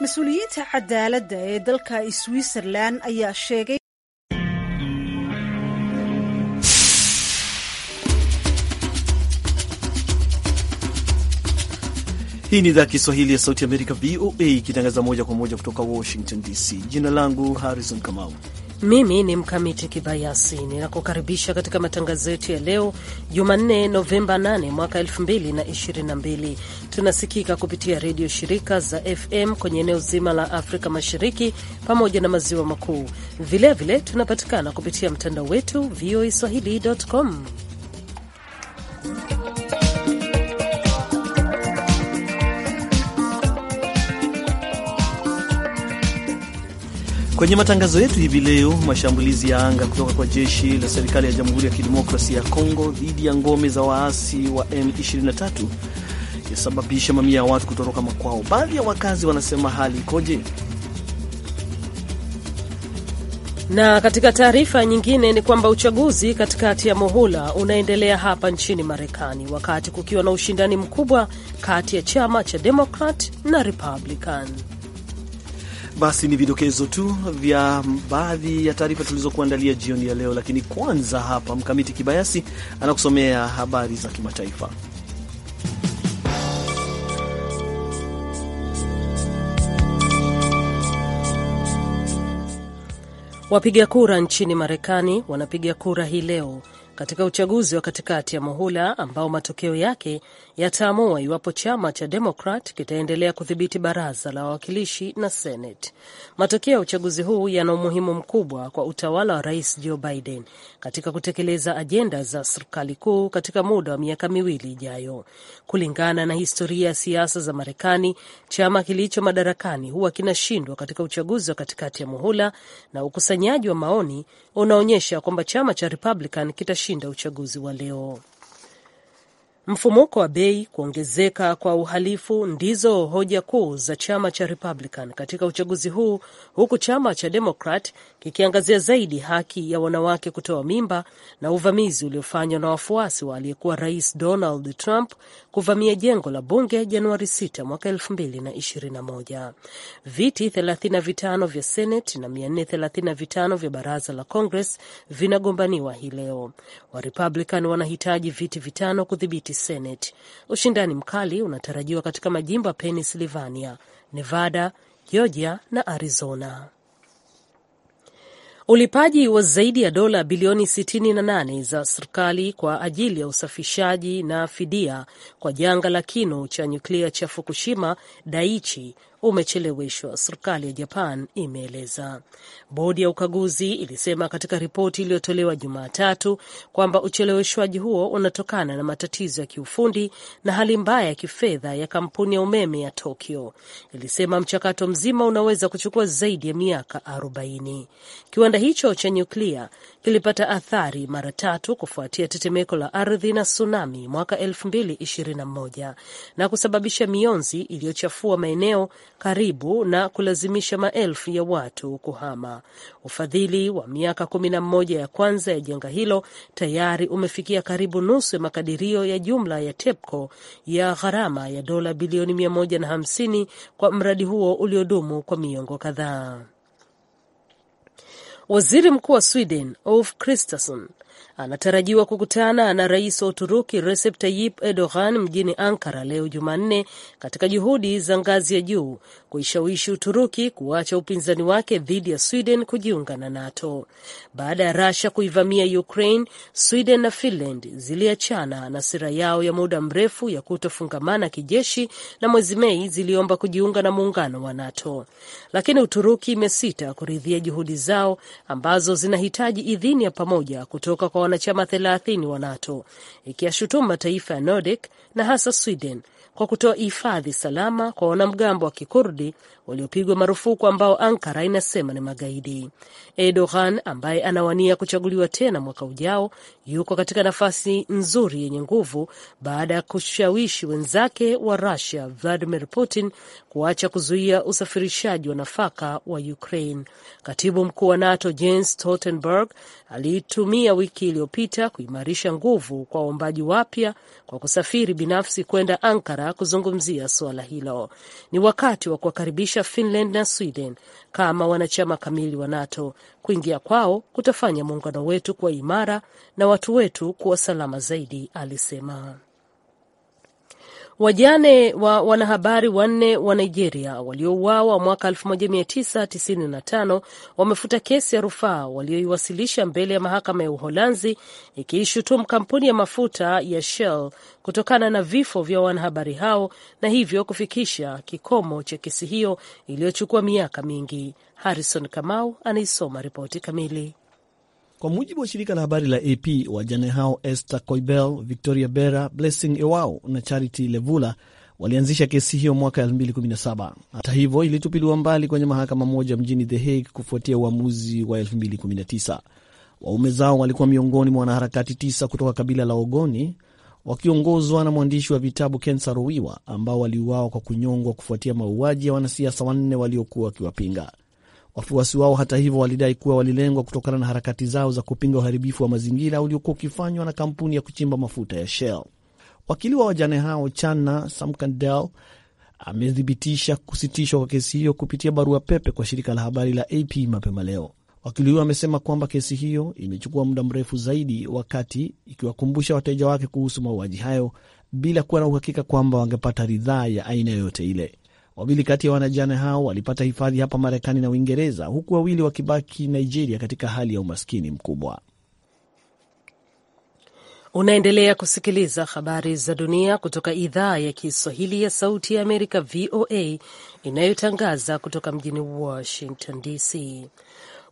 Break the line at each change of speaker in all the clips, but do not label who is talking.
mas-uuliyiinta cadaaladda ee dalka ee switzerland ayaa sheegay
Hii ni idhaa Kiswahili ya sauti Amerika, VOA, ikitangaza moja kwa moja kutoka Washington DC. Jina langu Harrison Kamau
mimi ni Mkamiti Kibayasi, ninakukaribisha katika matangazo yetu ya leo Jumanne, Novemba 8 mwaka 2022. Tunasikika kupitia redio shirika za FM kwenye eneo zima la Afrika Mashariki pamoja na maziwa makuu. Vilevile tunapatikana kupitia mtandao wetu voa swahili.com.
Kwenye matangazo yetu hivi leo, mashambulizi ya anga kutoka kwa jeshi la serikali ya Jamhuri ya Kidemokrasia ya Kongo dhidi ya ngome za waasi wa M23 yasababisha mamia ya watu kutoroka makwao. Baadhi ya wakazi wanasema hali ikoje?
Na katika taarifa nyingine ni kwamba uchaguzi katikati ya muhula unaendelea hapa nchini Marekani, wakati kukiwa na ushindani mkubwa kati ya chama cha demokrat na Republican.
Basi ni vidokezo tu vya baadhi ya taarifa tulizokuandalia jioni ya leo, lakini kwanza hapa Mkamiti Kibayasi anakusomea habari za kimataifa.
Wapiga kura nchini Marekani wanapiga kura hii leo katika uchaguzi wa katikati ya muhula ambao matokeo yake yataamua iwapo chama cha Demokrat kitaendelea kudhibiti baraza la wawakilishi na Senate. Matokeo ya uchaguzi huu yana umuhimu mkubwa kwa utawala wa Rais Joe Biden katika kutekeleza ajenda za serikali kuu katika muda wa miaka miwili ijayo. Kulingana na historia ya siasa za Marekani, chama kilicho madarakani huwa kinashindwa katika uchaguzi wa katikati ya muhula, na ukusanyaji wa maoni unaonyesha kwamba chama cha Republican kita ameshinda uchaguzi wa leo. Mfumuko wa bei, kuongezeka kwa uhalifu ndizo hoja kuu za chama cha Republican katika uchaguzi huu, huku chama cha Democrat kikiangazia zaidi haki ya wanawake kutoa mimba na uvamizi uliofanywa na wafuasi wa aliyekuwa Rais Donald Trump kuvamia jengo la bunge Januari 6 mwaka 2021. Viti 35 vya Senate na 435 vya baraza la Congress vinagombaniwa hii leo. Warepublican wanahitaji viti vitano kudhibiti State Senate. Ushindani mkali unatarajiwa katika majimbo ya Pennsylvania, Nevada, Georgia na Arizona. Ulipaji wa zaidi ya dola bilioni 68 za serikali kwa ajili ya usafishaji na fidia kwa janga la kinu cha nyuklia cha Fukushima Daiichi umecheleweshwa, serikali ya Japan imeeleza. Bodi ya ukaguzi ilisema katika ripoti iliyotolewa Jumatatu kwamba ucheleweshwaji huo unatokana na matatizo ya kiufundi na hali mbaya ya kifedha ya kampuni ya umeme ya Tokyo. Ilisema mchakato mzima unaweza kuchukua zaidi ya miaka 40. Kiwanda hicho cha nyuklia kilipata athari mara tatu kufuatia tetemeko la ardhi na tsunami mwaka 2021 na kusababisha mionzi iliyochafua maeneo karibu na kulazimisha maelfu ya watu kuhama. Ufadhili wa miaka 11 mmoja ya kwanza ya janga hilo tayari umefikia karibu nusu ya makadirio ya jumla ya TEPCO ya gharama ya dola bilioni 150 kwa mradi huo uliodumu kwa miongo kadhaa. Waziri Mkuu wa Sweden Ulf Kristersson anatarajiwa kukutana na rais wa Uturuki Recep Tayyip Erdogan mjini Ankara leo Jumanne, katika juhudi za ngazi ya juu kuishawishi Uturuki kuacha upinzani wake dhidi ya Sweden kujiunga na NATO. Baada ya Russia kuivamia Ukraine, Sweden na Finland ziliachana na sera yao ya muda mrefu ya kutofungamana kijeshi na mwezi Mei ziliomba kujiunga na muungano wa NATO, lakini Uturuki imesita kuridhia juhudi zao ambazo zinahitaji idhini ya pamoja kutoka kwa wanachama 30 wa NATO, ikiyashutumu mataifa ya Nordic na hasa Sweden kwa kutoa hifadhi salama kwa wanamgambo wa Kikurdi waliopigwa marufuku ambao Ankara inasema ni magaidi. Erdogan ambaye anawania kuchaguliwa tena mwaka ujao yuko katika nafasi nzuri yenye nguvu baada ya kushawishi wenzake wa Rusia Vladimir Putin kuacha kuzuia usafirishaji wa nafaka wa Ukraine. Katibu mkuu wa NATO Jens Stoltenberg aliitumia wiki iliyopita kuimarisha nguvu kwa waombaji wapya kwa kusafiri binafsi kwenda Ankara kuzungumzia suala hilo. Ni wakati wa kuwakaribisha kushirikisha Finland na Sweden kama wanachama kamili wa NATO. Kuingia kwao kutafanya muungano wetu kuwa imara na watu wetu kuwa salama zaidi, alisema. Wajane wa wanahabari wanne wa Nigeria waliouawa mwaka 1995 wamefuta kesi ya rufaa walioiwasilisha mbele ya mahakama ya Uholanzi ikiishutumu kampuni ya mafuta ya Shell kutokana na vifo vya wanahabari hao na hivyo kufikisha kikomo cha kesi hiyo iliyochukua miaka mingi. Harrison Kamau anaisoma ripoti kamili.
Kwa mujibu wa shirika la habari la AP, wajane hao Esther Coibel, Victoria Bera, Blessing Ewao na Charity Levula walianzisha kesi hiyo mwaka 2017. Hata hivyo, ilitupiliwa mbali kwenye mahakama moja mjini The Hague kufuatia uamuzi wa 2019. Waume zao walikuwa miongoni mwa wanaharakati tisa kutoka kabila la Ogoni wakiongozwa na mwandishi wa vitabu Kensa Rowiwa ambao waliuawa kwa kunyongwa kufuatia mauaji ya wanasiasa wanne waliokuwa wakiwapinga. Wafuasi wao hata hivyo walidai kuwa walilengwa kutokana na harakati zao za kupinga uharibifu wa mazingira uliokuwa ukifanywa na kampuni ya kuchimba mafuta ya Shell. Wakili wa wajane hao Chana Samkandel amethibitisha kusitishwa kwa kesi hiyo kupitia barua pepe kwa shirika la habari la AP mapema leo. Wakili huyo amesema kwamba kesi hiyo imechukua muda mrefu zaidi, wakati ikiwakumbusha wateja wake kuhusu mauaji hayo bila kuwa na uhakika kwamba wangepata ridhaa ya aina yoyote ile. Wawili kati ya wanajana hao walipata hifadhi hapa Marekani na Uingereza, huku wawili wakibaki Nigeria katika hali ya umaskini mkubwa.
Unaendelea kusikiliza habari za dunia kutoka idhaa ya Kiswahili ya Sauti ya Amerika, VOA, inayotangaza kutoka mjini Washington DC.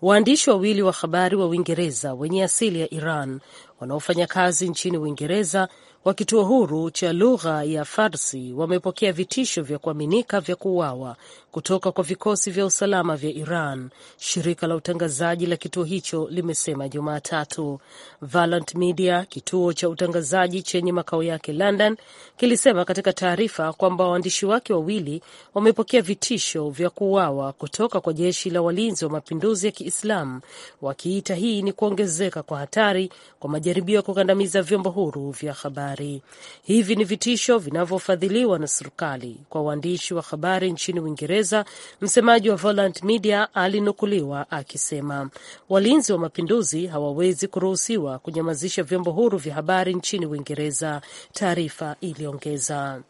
Waandishi wawili wa habari wa Uingereza wenye asili ya Iran wanaofanya kazi nchini Uingereza wa kituo huru cha lugha ya Farsi wamepokea vitisho vya kuaminika vya kuuawa kutoka kwa vikosi vya usalama vya Iran, shirika la utangazaji la kituo hicho limesema Jumatatu. Valant Media, kituo cha utangazaji chenye makao yake London, kilisema katika taarifa kwamba waandishi wake wawili wamepokea vitisho vya kuuawa kutoka kwa jeshi la walinzi wa mapinduzi ya Kiislamu, wakiita hii ni kuongezeka kwa hatari kwa majeshi majaribio ya kukandamiza vyombo huru vya habari. Hivi ni vitisho vinavyofadhiliwa na serikali kwa waandishi wa habari nchini Uingereza. Msemaji wa Volant Media alinukuliwa akisema walinzi wa mapinduzi hawawezi kuruhusiwa kunyamazisha vyombo huru vya habari nchini Uingereza, taarifa iliongeza.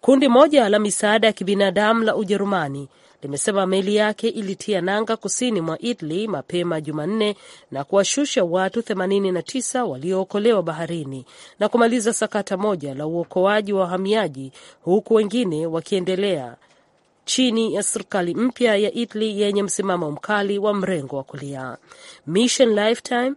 Kundi moja la misaada ya kibinadamu la Ujerumani limesema meli yake ilitia nanga kusini mwa Italy mapema Jumanne na kuwashusha watu 89 waliookolewa baharini na kumaliza sakata moja la uokoaji wa wahamiaji, huku wengine wakiendelea chini ya serikali mpya ya Italy yenye msimamo mkali wa mrengo wa kulia. Mission Lifetime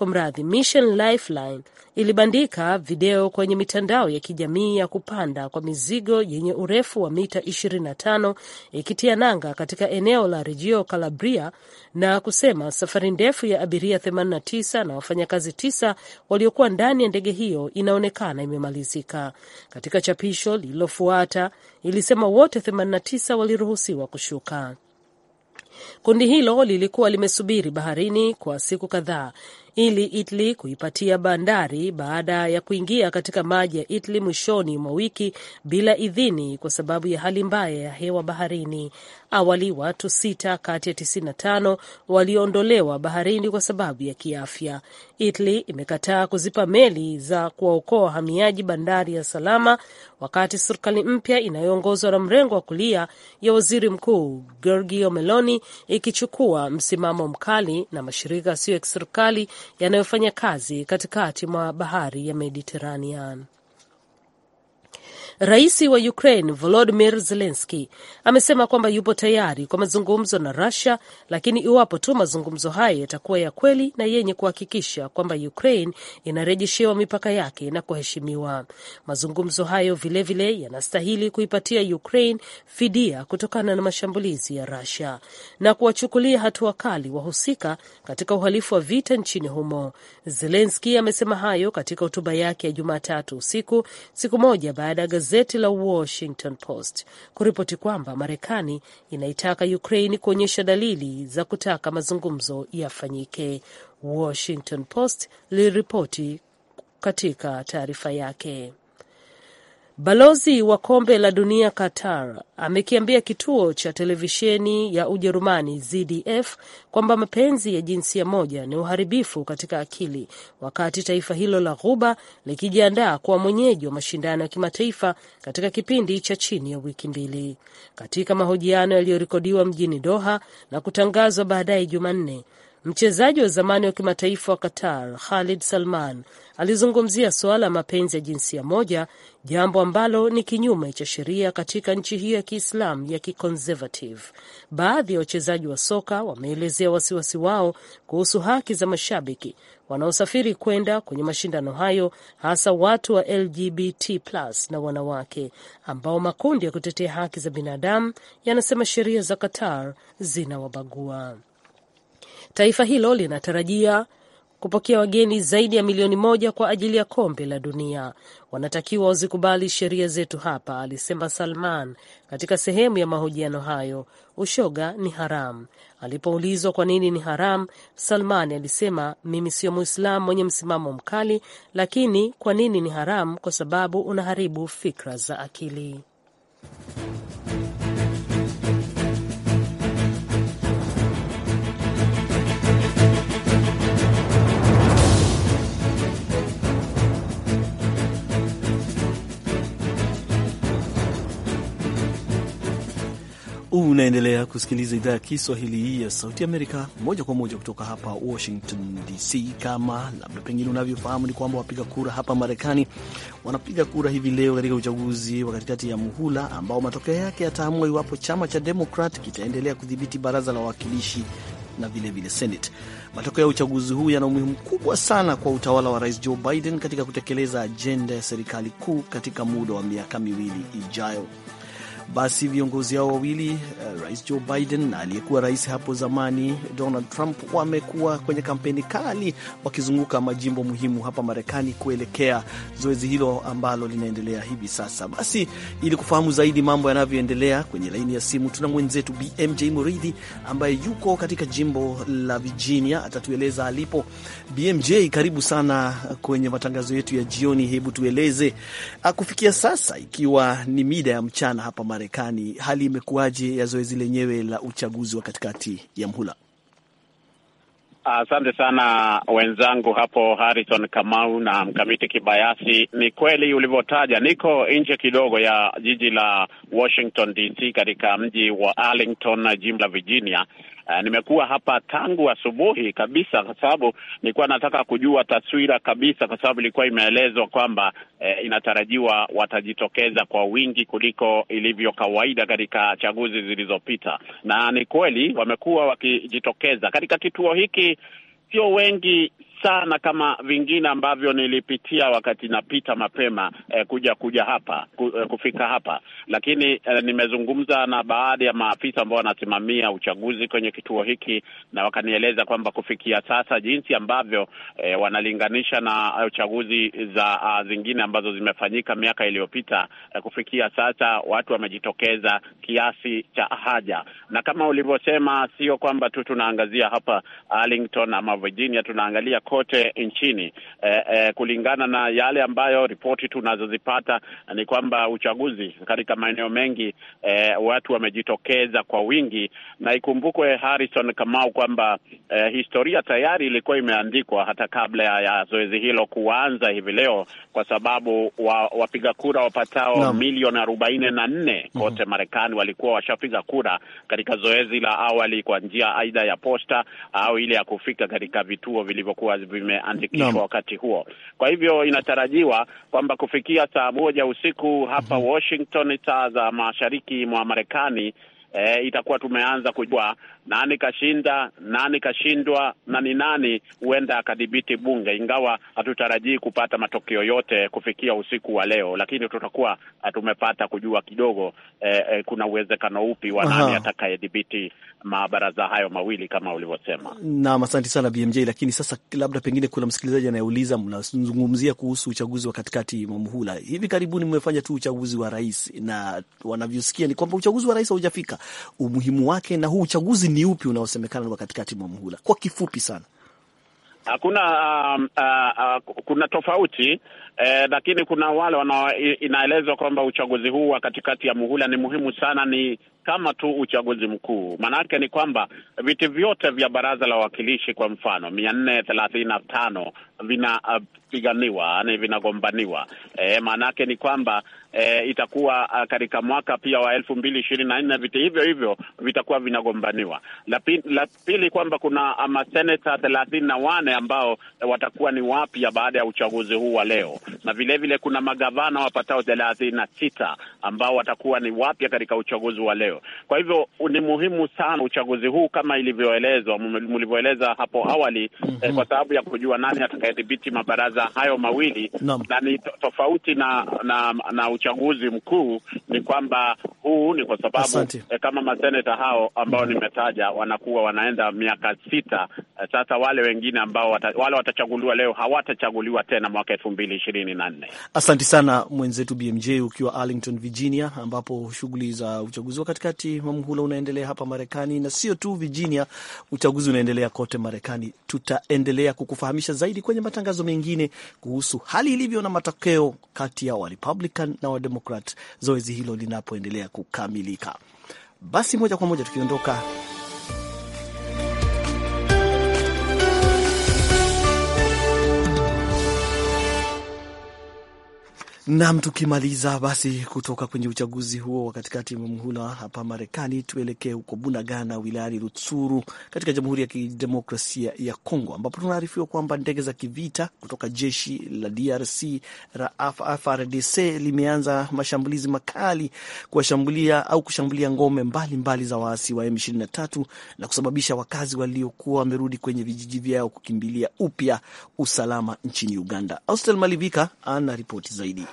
kumradhi, Mission Lifeline ilibandika video kwenye mitandao ya kijamii ya kupanda kwa mizigo yenye urefu wa mita 25 ikitia nanga katika eneo la Reggio Calabria na kusema safari ndefu ya abiria 89 na wafanyakazi tisa waliokuwa ndani ya ndege hiyo inaonekana imemalizika. Katika chapisho lililofuata ilisema wote 89 waliruhusiwa kushuka. Kundi hilo lilikuwa limesubiri baharini kwa siku kadhaa ili Italy kuipatia bandari baada ya kuingia katika maji ya Italy mwishoni mwa wiki bila idhini kwa sababu ya hali mbaya ya hewa baharini. Awali watu sita kati ya 95 waliondolewa baharini kwa sababu ya kiafya. Italy imekataa kuzipa meli za kuwaokoa wahamiaji bandari ya salama, wakati serikali mpya inayoongozwa na mrengo wa kulia ya waziri mkuu Giorgio Meloni ikichukua msimamo mkali na mashirika yasiyo ya kiserikali yanayofanya kazi katikati mwa bahari ya Mediterranean. Rais wa Ukraine Volodymyr Zelensky amesema kwamba yupo tayari kwa mazungumzo na Russia, lakini iwapo tu mazungumzo hayo yatakuwa ya kweli na yenye kuhakikisha kwamba Ukraine inarejeshewa mipaka yake na kuheshimiwa. Mazungumzo hayo vilevile yanastahili kuipatia Ukraine fidia kutokana na mashambulizi ya Russia na kuwachukulia hatua kali wahusika katika uhalifu wa vita nchini humo. Zelensky amesema hayo katika hotuba yake ya Jumatatu usiku, siku moja baada ya gazeti la Washington Post kuripoti kwamba Marekani inaitaka Ukraine kuonyesha dalili za kutaka mazungumzo yafanyike. Washington Post liliripoti katika taarifa yake. Balozi wa kombe la dunia Qatar amekiambia kituo cha televisheni ya Ujerumani ZDF kwamba mapenzi ya jinsia moja ni uharibifu katika akili, wakati taifa hilo la Ghuba likijiandaa kuwa mwenyeji wa mashindano ya kimataifa katika kipindi cha chini ya wiki mbili. Katika mahojiano yaliyorekodiwa mjini Doha na kutangazwa baadaye Jumanne, Mchezaji wa zamani wa kimataifa wa Qatar Khalid Salman alizungumzia suala la mapenzi ya jinsia moja, jambo ambalo ni kinyume cha sheria katika nchi hiyo ya Kiislamu ya kiconservative. Baadhi ya wachezaji wa soka wameelezea wasiwasi wao kuhusu haki za mashabiki wanaosafiri kwenda kwenye mashindano hayo, hasa watu wa LGBT plus na wanawake, ambao makundi ya kutetea haki za binadamu yanasema sheria za Qatar zinawabagua. Taifa hilo linatarajia kupokea wageni zaidi ya milioni moja kwa ajili ya kombe la dunia. Wanatakiwa wazikubali sheria zetu hapa, alisema Salman katika sehemu ya mahojiano hayo. Ushoga ni haram. Alipoulizwa kwa nini ni haram, Salman alisema, mimi sio Muislamu mwenye msimamo mkali, lakini kwa nini ni haram? Kwa sababu unaharibu fikra za akili.
Unaendelea kusikiliza idhaa ya Kiswahili ya Sauti Amerika moja kwa moja kutoka hapa Washington DC. Kama labda pengine unavyofahamu, ni kwamba wapiga kura hapa Marekani wanapiga kura hivi leo katika uchaguzi wa katikati ya muhula ambao matokeo yake yataamua iwapo chama cha Demokrat kitaendelea kudhibiti baraza la wawakilishi na vilevile senat Senate. Matokeo ya uchaguzi huu yana umuhimu mkubwa sana kwa utawala wa Rais Joe Biden katika kutekeleza ajenda ya serikali kuu katika muda wa miaka miwili ijayo. Basi viongozi hao wawili uh, rais Joe Biden na aliyekuwa rais hapo zamani Donald Trump wamekuwa kwenye kampeni kali wakizunguka majimbo muhimu hapa Marekani kuelekea zoezi hilo ambalo linaendelea hivi sasa. Basi ili kufahamu zaidi mambo yanavyoendelea, kwenye laini ya simu tuna mwenzetu BMJ Muridhi ambaye yuko katika jimbo la Virginia, atatueleza alipo. BMJ, karibu sana kwenye matangazo yetu ya jioni. Hebu tueleze ah, kufikia sasa, ikiwa ni mida ya mchana hapa Marekani. Marekani. Hali imekuwaje ya zoezi lenyewe la uchaguzi wa katikati ya mhula?
Asante sana wenzangu hapo Harrison Kamau na Mkamiti Kibayasi. Ni kweli ulivyotaja, niko nje kidogo ya jiji la Washington DC, katika mji wa Arlington na jimbo la Virginia, Uh, nimekuwa hapa tangu asubuhi kabisa, kwa sababu nilikuwa nataka kujua taswira kabisa, kwa sababu ilikuwa imeelezwa kwamba eh, inatarajiwa watajitokeza kwa wingi kuliko ilivyo kawaida katika chaguzi zilizopita, na ni kweli wamekuwa wakijitokeza katika kituo hiki, sio wengi sana kama vingine ambavyo nilipitia wakati napita mapema eh, kuja kuja hapa ku, eh, kufika hapa, lakini eh, nimezungumza na baadhi ya maafisa ambao wanasimamia uchaguzi kwenye kituo hiki na wakanieleza kwamba kufikia sasa jinsi ambavyo eh, wanalinganisha na eh, uchaguzi za uh, zingine ambazo zimefanyika miaka iliyopita, eh, kufikia sasa watu wamejitokeza kiasi cha haja, na kama ulivyosema, sio kwamba tu tunaangazia hapa Arlington ama Virginia, tunaangalia kote nchini eh, eh, kulingana na yale ambayo ripoti tunazozipata eh, ni kwamba uchaguzi katika maeneo mengi eh, watu wamejitokeza kwa wingi, na ikumbukwe Harrison Kamau kwamba eh, historia tayari ilikuwa imeandikwa hata kabla ya zoezi hilo kuanza hivi leo, kwa sababu wa, wapiga kura wapatao no. milioni arobaini na nne mhm. kote mm -hmm. Marekani walikuwa washapiga kura katika zoezi la awali kwa njia aidha ya posta au ile ya kufika katika vituo vilivyokuwa vimeandikishwa no. wakati huo. Kwa hivyo inatarajiwa kwamba kufikia saa moja usiku hapa mm -hmm. Washington, saa za mashariki mwa Marekani E, itakuwa tumeanza kujua nani kashinda nani kashindwa na ni nani huenda akadhibiti bunge, ingawa hatutarajii kupata matokeo yote kufikia usiku wa leo, lakini tutakuwa ah, tumepata kujua kidogo e, e, kuna uwezekano upi wa nani atakayedhibiti mabaraza hayo mawili kama ulivyosema.
Naam, asante sana BMJ. Lakini sasa, labda pengine kuna msikilizaji anayeuliza, mnazungumzia kuhusu uchaguzi wa katikati mwa muhula. Hivi karibuni mmefanya tu uchaguzi wa rais, na wanavyosikia ni kwamba uchaguzi wa rais haujafika umuhimu wake, na huu uchaguzi ni upi unaosemekana wa katikati mwa muhula? Kwa kifupi sana,
Hakuna uh, uh, uh, kuna tofauti eh, lakini kuna wale wana, inaelezwa kwamba uchaguzi huu wa katikati ya muhula ni muhimu sana, ni kama tu uchaguzi mkuu. Maanake ni kwamba viti vyote vya baraza la wawakilishi kwa mfano mia nne thelathini na tano vinapiganiwa uh, ni vinagombaniwa. E, maanake ni kwamba e, itakuwa uh, katika mwaka pia wa elfu mbili ishirini na nne viti hivyo hivyo vitakuwa vinagombaniwa. La pili kwamba kuna ah, maseneta thelathini na wane ambao eh, watakuwa ni wapya baada ya uchaguzi huu wa leo na vilevile vile kuna magavana wapatao thelathini na sita ambao watakuwa ni wapya katika uchaguzi wa leo. Kwa hivyo ni muhimu sana uchaguzi huu kama ilivyoelezwa, mlivyoeleza hapo awali mm -hmm. eh, mhm. kwa sababu ya kujua nani atakayedhibiti mabaraza hayo mawili no. na ni tofauti na, na na uchaguzi mkuu ni kwamba huu ni kwa sababu eh, kama maseneta hao ambao nimetaja wanakuwa wanaenda miaka sita eh, sasa wale wengine ambao wata, wale watachaguliwa leo hawatachaguliwa tena mwaka elfu mbili ishirini ishirini na nne.
Asante sana mwenzetu BMJ ukiwa Arlington, Virginia, ambapo shughuli za uchaguzi wa katikati wa muhula unaendelea hapa Marekani, na sio tu Virginia, uchaguzi unaendelea kote Marekani. Tutaendelea kukufahamisha zaidi kwenye matangazo mengine kuhusu hali ilivyo na matokeo kati ya Warepublican na Wademokrat, zoezi hilo linapoendelea kukamilika. Basi moja kwa moja tukiondoka Nam, tukimaliza basi kutoka kwenye uchaguzi huo wa katikati mwa muhula hapa Marekani, tuelekee huko Bunagana wilayani Rutsuru katika Jamhuri ya Kidemokrasia ya Kongo, ambapo tunaarifiwa kwamba ndege za kivita kutoka jeshi la DRC la FARDC limeanza mashambulizi makali kuwashambulia au kushambulia ngome mbalimbali mbali za waasi wa M23 na kusababisha wakazi waliokuwa wamerudi kwenye vijiji vyao kukimbilia upya usalama nchini Uganda. Austel Malivika ana ripoti zaidi.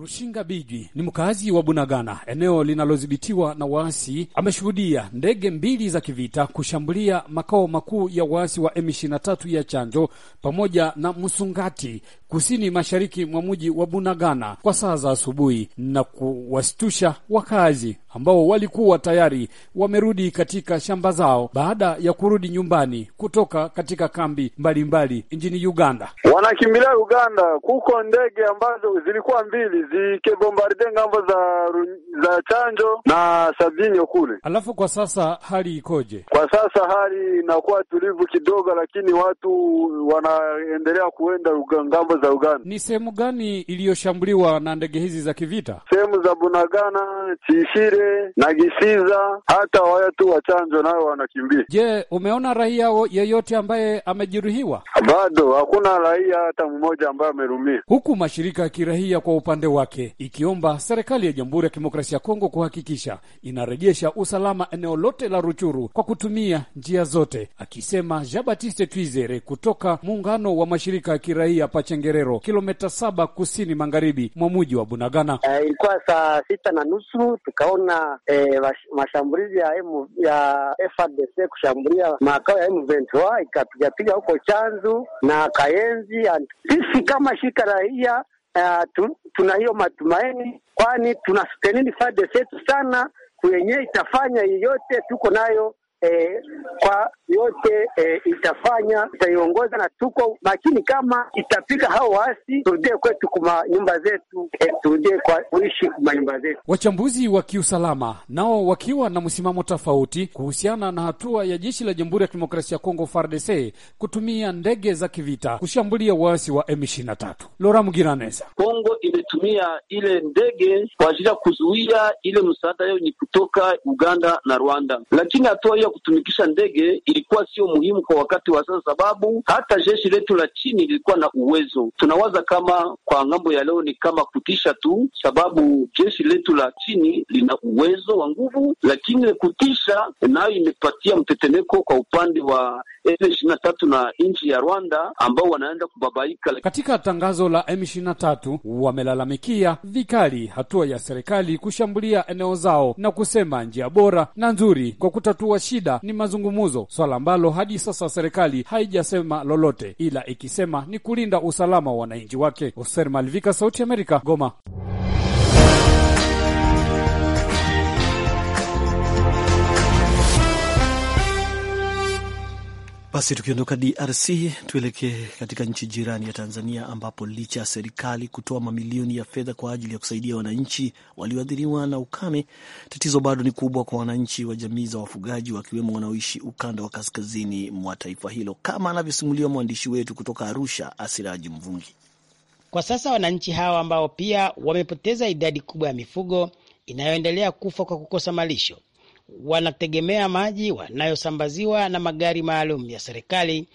Rushinga Bijwi
ni mkazi wa Bunagana, eneo linalodhibitiwa na waasi. Ameshuhudia ndege mbili za kivita kushambulia makao makuu ya waasi wa M23 ya Chanjo pamoja na Msungati kusini mashariki mwa mji wa Bunagana kwa saa za asubuhi na kuwastusha wakazi ambao walikuwa tayari wamerudi katika shamba zao baada ya kurudi nyumbani kutoka katika kambi mbalimbali nchini Uganda. Wanakimbilia Uganda, kuko ndege ambazo zilikuwa mbili zikebombarde ngambo za, za chanjo na sabini kule. Alafu kwa sasa hali ikoje? Kwa sasa hali inakuwa tulivu kidogo, lakini watu wanaendelea kuenda ngambo za Uganda. Ni sehemu gani iliyoshambuliwa na ndege hizi za kivita? Sehemu za Bunagana, Chishire na Gisiza, hata tu wachanjo nao wanakimbia. Je, umeona raia yeyote ambaye amejeruhiwa? Bado hakuna raia hata mmoja ambaye amerumia, huku mashirika ya kiraia kwa upande wake ikiomba serikali ya Jamhuri ya Kidemokrasia ya Kongo kuhakikisha inarejesha usalama eneo lote la Ruchuru kwa kutumia njia zote, akisema Jean Baptiste Twizere kutoka muungano wa mashirika ya kiraia Pachengerero, kilometa saba kusini magharibi mwa muji wa Bunagana.
E, ilikuwa saa sita na nusu tukaona e, mashambulizi ya ya FARDC kushambulia makao ya M23 ikapigapiga huko chanzo bado na kaenzi. Sisi kama shirika raia uh, tu, tuna hiyo matumaini, kwani tuna stendi fade zetu sana kwenye itafanya yeyote, tuko nayo e, kwa yote e, itafanya itaiongoza,
na tuko makini. Kama itafika hao waasi, turudie kwetu kuma nyumba zetu e, turudie kwa kuishi kwa nyumba zetu. Wachambuzi wa kiusalama nao wakiwa na msimamo tofauti kuhusiana na hatua ya jeshi la Jamhuri ya Kidemokrasia ya Kongo FARDC kutumia ndege za kivita kushambulia waasi wa M23. Lora Mugiraneza,
Kongo imetumia ile ndege kwa ajili ya kuzuia ile msaada yao ni kutoka Uganda na Rwanda, lakini hatua hiyo kutumikisha ndege ilikuwa sio muhimu kwa wakati wa sasa, sababu hata jeshi letu la chini lilikuwa na uwezo. Tunawaza kama kwa ng'ambo ya leo ni kama kutisha tu, sababu jeshi letu la chini lina uwezo wa nguvu, lakini kutisha nayo imepatia mtetemeko kwa upande wa M23 na nchi ya Rwanda ambao wanaenda kubabaika.
Katika tangazo la M23 wamelalamikia vikali hatua ya serikali kushambulia eneo zao na kusema njia bora na nzuri kwa kutatua shida shida ni mazungumzo, swala ambalo hadi sasa serikali haijasema lolote, ila ikisema ni kulinda usalama wa wananchi wake. Hoser Malivika, Sauti Amerika, Goma.
Basi tukiondoka DRC tuelekee katika nchi jirani ya Tanzania, ambapo licha ya serikali kutoa mamilioni ya fedha kwa ajili ya kusaidia wananchi walioathiriwa na ukame, tatizo bado ni kubwa kwa wananchi wa jamii za wafugaji, wakiwemo wanaoishi ukanda wa kaskazini mwa taifa hilo, kama anavyosimuliwa mwandishi wetu kutoka Arusha, Asiraji Mvungi.
Kwa sasa wananchi hawa ambao pia wamepoteza idadi kubwa ya mifugo inayoendelea kufa kwa kukosa malisho wanategemea maji wanayosambaziwa na magari maalum ya serikali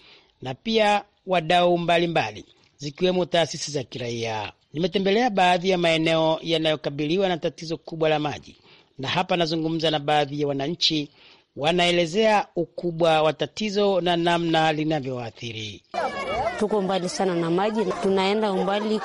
na pia wadau mbalimbali zikiwemo taasisi za kiraia. Nimetembelea baadhi ya maeneo yanayokabiliwa na tatizo kubwa la maji, na hapa nazungumza na baadhi ya wananchi wanaelezea ukubwa wa tatizo na namna linavyoathiri. Tuko mbali sana na maji, tunaenda umbali,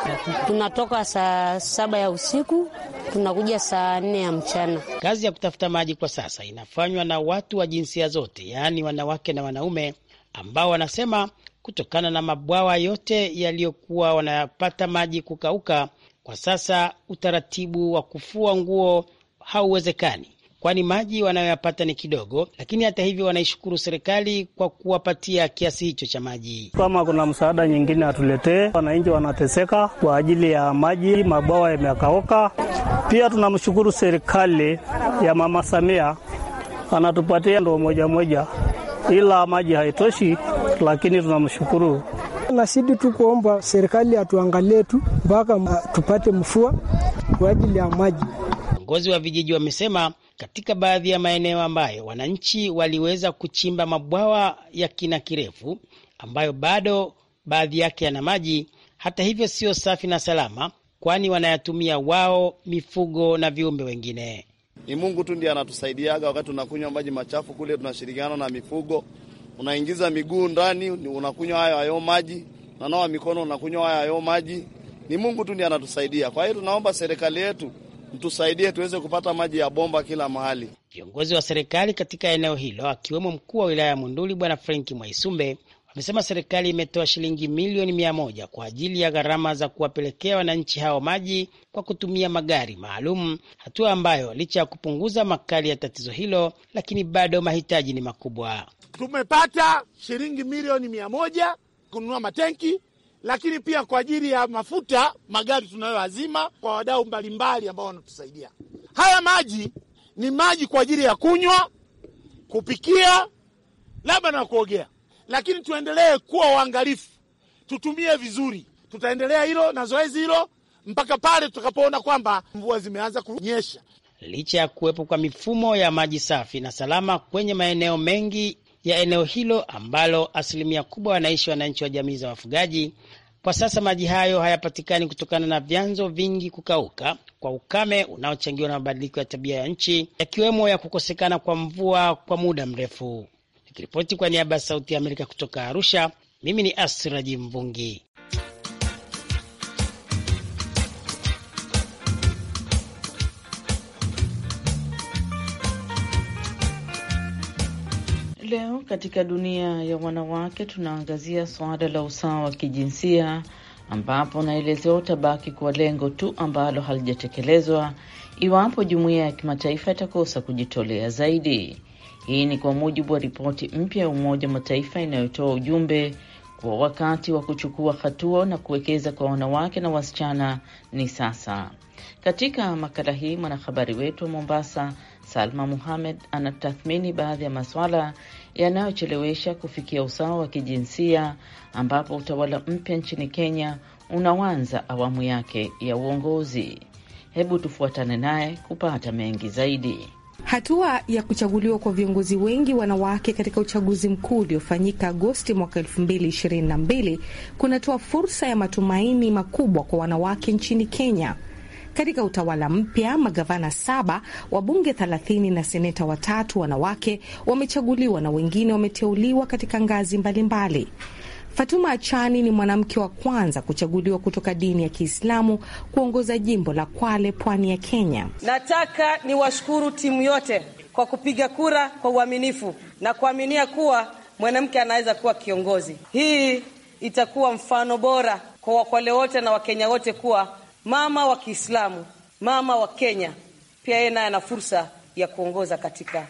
tunatoka saa saba ya usiku tunakuja saa nne ya mchana. Kazi ya kutafuta maji kwa sasa inafanywa na watu wa jinsia zote, yaani wanawake na wanaume, ambao wanasema kutokana na mabwawa yote yaliyokuwa wanayapata maji kukauka, kwa sasa utaratibu wa kufua nguo hauwezekani kwani maji wanayoyapata ni kidogo, lakini hata hivyo wanaishukuru serikali kwa kuwapatia kiasi hicho cha maji. Kama kuna msaada nyingine atuletee, wananchi wanateseka kwa ajili ya maji, mabwawa yamekauka. Pia tunamshukuru serikali ya Mama Samia, anatupatia ndoo moja moja, ila maji haitoshi, lakini tunamshukuru. Nasidi tu kuomba serikali atuangalie tu mpaka tupate mfua kwa ajili ya maji. Viongozi wa vijiji wamesema katika baadhi ya maeneo ambayo wananchi waliweza kuchimba mabwawa ya kina kirefu ambayo bado baadhi yake yana maji, hata hivyo sio safi na salama, kwani wanayatumia wao, mifugo na viumbe wengine.
Ni Mungu tu ndiye anatusaidiaga wakati unakunywa maji machafu kule, tunashirikiana na mifugo. Unaingiza miguu ndani, unakunywa hayo hayo maji, nanawa mikono, unakunywa hayo hayo maji. Ni Mungu tu ndiye anatusaidia. Kwa hiyo tunaomba serikali yetu mtusaidie tuweze kupata maji ya bomba kila mahali.
Viongozi wa serikali katika eneo hilo akiwemo mkuu wa wilaya ya Munduli Bwana Frenki Mwaisumbe amesema serikali imetoa shilingi milioni mia moja kwa ajili ya gharama za kuwapelekea wananchi hao maji kwa kutumia magari maalum, hatua ambayo licha ya kupunguza makali ya tatizo hilo, lakini bado mahitaji ni makubwa.
Tumepata shilingi milioni mia moja kununua matenki lakini pia kwa ajili ya mafuta magari tunayoazima kwa wadau mbalimbali ambao wanatusaidia. Haya maji ni maji kwa ajili ya kunywa, kupikia, labda na kuogea, lakini tuendelee kuwa waangalifu, tutumie vizuri. Tutaendelea hilo na zoezi hilo mpaka pale tutakapoona
kwamba mvua zimeanza kunyesha. Licha ya kuwepo kwa mifumo ya maji safi na salama kwenye maeneo mengi ya eneo hilo ambalo asilimia kubwa wanaishi wananchi wa jamii za wafugaji. Kwa sasa maji hayo hayapatikani kutokana na vyanzo vingi kukauka kwa ukame unaochangiwa na mabadiliko ya tabia ya nchi, yakiwemo ya kukosekana kwa mvua kwa muda mrefu. Nikiripoti kwa niaba ya Sauti ya Amerika kutoka Arusha, mimi ni asraji Mvungi.
leo katika dunia ya wanawake tunaangazia suala la usawa wa kijinsia, ambapo naelezewa utabaki kuwa lengo tu ambalo halijatekelezwa iwapo jumuiya ya kimataifa itakosa kujitolea zaidi. Hii ni kwa mujibu wa ripoti mpya ya Umoja wa Mataifa inayotoa ujumbe kuwa wakati wa kuchukua hatua na kuwekeza kwa wanawake na wasichana ni sasa. Katika makala hii mwanahabari wetu wa Mombasa Salma Muhamed anatathmini baadhi ya maswala yanayochelewesha kufikia usawa wa kijinsia ambapo utawala mpya nchini Kenya unaanza awamu yake ya uongozi. Hebu tufuatane naye kupata mengi zaidi.
Hatua ya kuchaguliwa kwa viongozi wengi wanawake katika uchaguzi mkuu uliofanyika Agosti mwaka elfu mbili ishirini na mbili kunatoa fursa ya matumaini makubwa kwa wanawake nchini Kenya. Katika utawala mpya, magavana saba, wabunge thelathini na seneta watatu wanawake wamechaguliwa na wengine wameteuliwa katika ngazi mbalimbali. Fatuma Achani ni mwanamke wa kwanza kuchaguliwa kutoka dini ya Kiislamu kuongoza jimbo la Kwale, pwani ya Kenya.
Nataka niwashukuru timu yote kwa kupiga kura kwa uaminifu na kuaminia kuwa mwanamke anaweza kuwa kiongozi. Hii itakuwa mfano bora kwa Wakwale wote na Wakenya wote kuwa mama wa Kiislamu, mama wa Kenya, pia yeye naye ana fursa ya kuongoza katika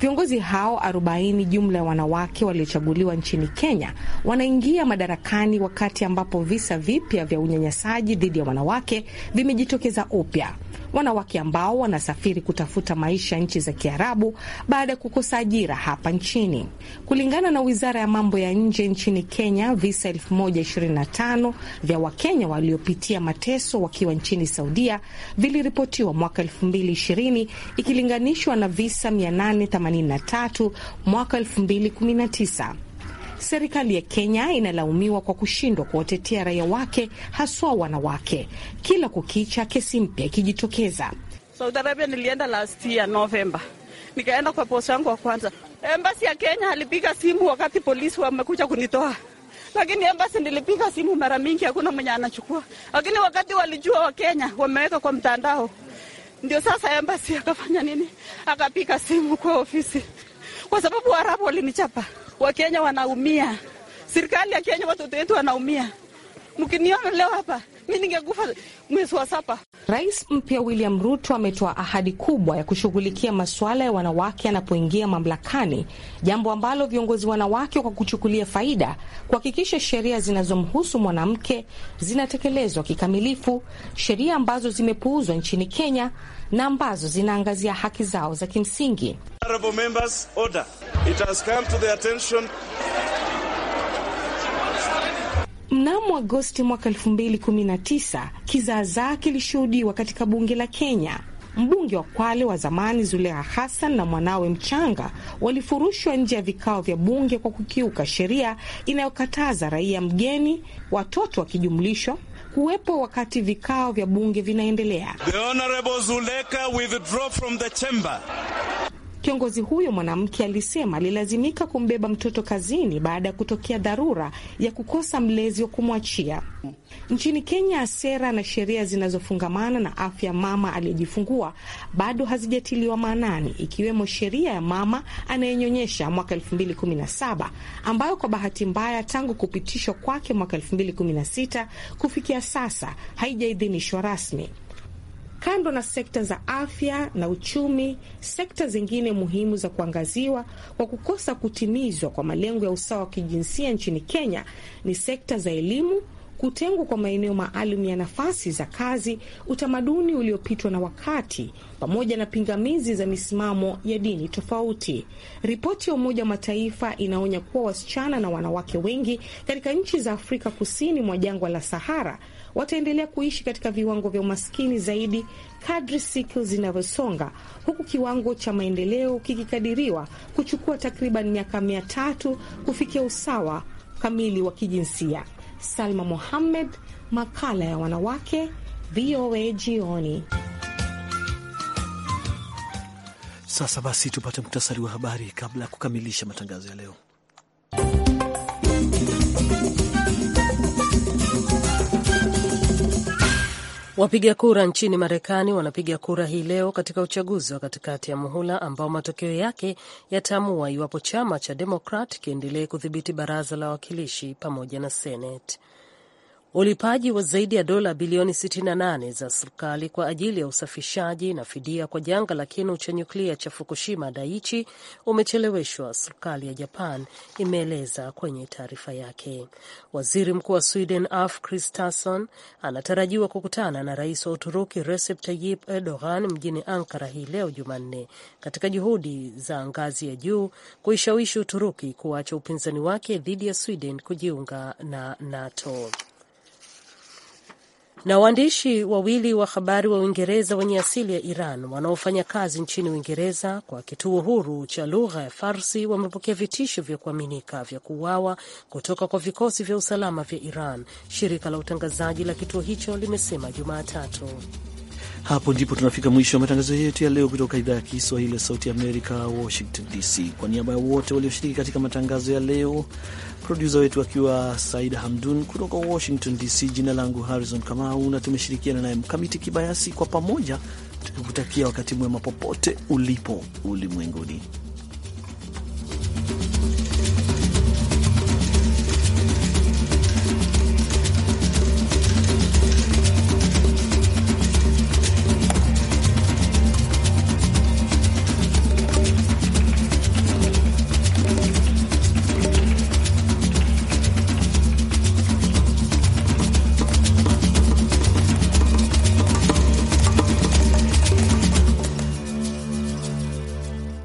Viongozi hao 40 jumla ya wanawake waliochaguliwa nchini Kenya wanaingia madarakani wakati ambapo visa vipya vya unyanyasaji dhidi ya wanawake vimejitokeza upya wanawake ambao wanasafiri kutafuta maisha nchi za Kiarabu baada ya kukosa ajira hapa nchini. Kulingana na wizara ya mambo ya nje nchini Kenya, visa 125 vya Wakenya waliopitia mateso wakiwa nchini Saudia viliripotiwa mwaka 2020 ikilinganishwa na visa 883 mwaka 2019. Serikali ya Kenya inalaumiwa kwa kushindwa kuwatetea raia wake, haswa wanawake, kila kukicha kesi mpya ikijitokeza. Saudi Arabia nilienda last year Novemba, nikaenda kwa posto yangu wa kwanza. Embasi ya Kenya alipiga simu wakati polisi wamekuja kunitoa lakini embasi nilipiga simu mara mingi, hakuna mwenye anachukua. Lakini wakati walijua Wakenya wameweka kwa mtandao, ndio sasa embasi akafanya nini? Akapiga simu kwa ofisi, kwa sababu Waarabu walinichapa. Wakenya wanaumia, serikali ya Kenya, watoto wetu wanaumia. Mkiniona leo hapa mi ningekufa mwezi wa saba. Rais mpya William Ruto ametoa ahadi kubwa ya kushughulikia masuala ya wanawake anapoingia mamlakani, jambo ambalo viongozi wanawake kwa kuchukulia faida kuhakikisha sheria zinazomhusu mwanamke zinatekelezwa kikamilifu, sheria ambazo zimepuuzwa nchini Kenya na ambazo zinaangazia haki zao za kimsingi. Mnamo Agosti mwaka 2019 kizaazaa kilishuhudiwa katika bunge la Kenya. Mbunge wa Kwale wa zamani zuleha Hassan na mwanawe mchanga walifurushwa nje ya vikao vya bunge kwa kukiuka sheria inayokataza raia mgeni, watoto wakijumlishwa kuwepo wakati vikao vya bunge vinaendelea.
The Honorable Zuleka withdraw from the chamber.
Kiongozi huyo mwanamke alisema alilazimika kumbeba mtoto kazini baada ya kutokea dharura ya kukosa mlezi wa kumwachia. Nchini Kenya, sera na sheria zinazofungamana na afya mama aliyejifungua bado hazijatiliwa maanani, ikiwemo sheria ya mama anayenyonyesha mwaka 2017 ambayo kwa bahati mbaya tangu kupitishwa kwake mwaka 2016 kufikia sasa haijaidhinishwa rasmi. Kando na sekta za afya na uchumi, sekta zingine muhimu za kuangaziwa kwa kukosa kutimizwa kwa malengo ya usawa wa kijinsia nchini Kenya ni sekta za elimu, kutengwa kwa maeneo maalum ya nafasi za kazi, utamaduni uliopitwa na wakati, pamoja na pingamizi za misimamo ya dini tofauti. Ripoti ya Umoja wa Mataifa inaonya kuwa wasichana na wanawake wengi katika nchi za Afrika kusini mwa jangwa la Sahara wataendelea kuishi katika viwango vya umaskini zaidi kadri siku zinavyosonga, huku kiwango cha maendeleo kikikadiriwa kuchukua takriban miaka mia tatu kufikia usawa kamili wa kijinsia. Salma Mohammed, makala ya wanawake, VOA jioni.
Sasa basi tupate muktasari wa habari kabla ya kukamilisha matangazo ya leo.
Wapiga kura nchini Marekani wanapiga kura hii leo katika uchaguzi wa katikati ya muhula ambao matokeo yake yataamua iwapo chama cha Demokrat kiendelee kudhibiti baraza la wawakilishi pamoja na Senate ulipaji wa zaidi ya dola bilioni 68 za serikali kwa ajili ya usafishaji na fidia kwa janga la kinu cha nyuklia cha Fukushima Daiichi umecheleweshwa, serikali ya Japan imeeleza kwenye taarifa yake. Waziri Mkuu wa Sweden af Kristersson anatarajiwa kukutana na rais wa Uturuki Recep Tayyip Erdogan mjini Ankara hii leo Jumanne, katika juhudi za ngazi ya juu kuishawishi Uturuki kuacha upinzani wake dhidi ya Sweden kujiunga na NATO na waandishi wawili wa habari wa Uingereza wenye asili ya Iran wanaofanya kazi nchini Uingereza kwa kituo huru cha lugha ya Farsi wamepokea vitisho vya kuaminika vya kuuawa kutoka kwa vikosi vya usalama vya Iran, shirika la utangazaji la kituo hicho limesema Jumatatu.
Hapo ndipo tunafika mwisho wa matangazo yetu ya leo kutoka idhaa ya Kiswahili ya Sauti Amerika, Washington DC. Kwa niaba ya wote walioshiriki katika matangazo ya leo, produsa wetu akiwa Saida Hamdun kutoka Washington DC, jina langu Harrison Kamau na tumeshirikiana naye Mkamiti Kibayasi, kwa pamoja tukikutakia wakati mwema popote ulipo ulimwenguni.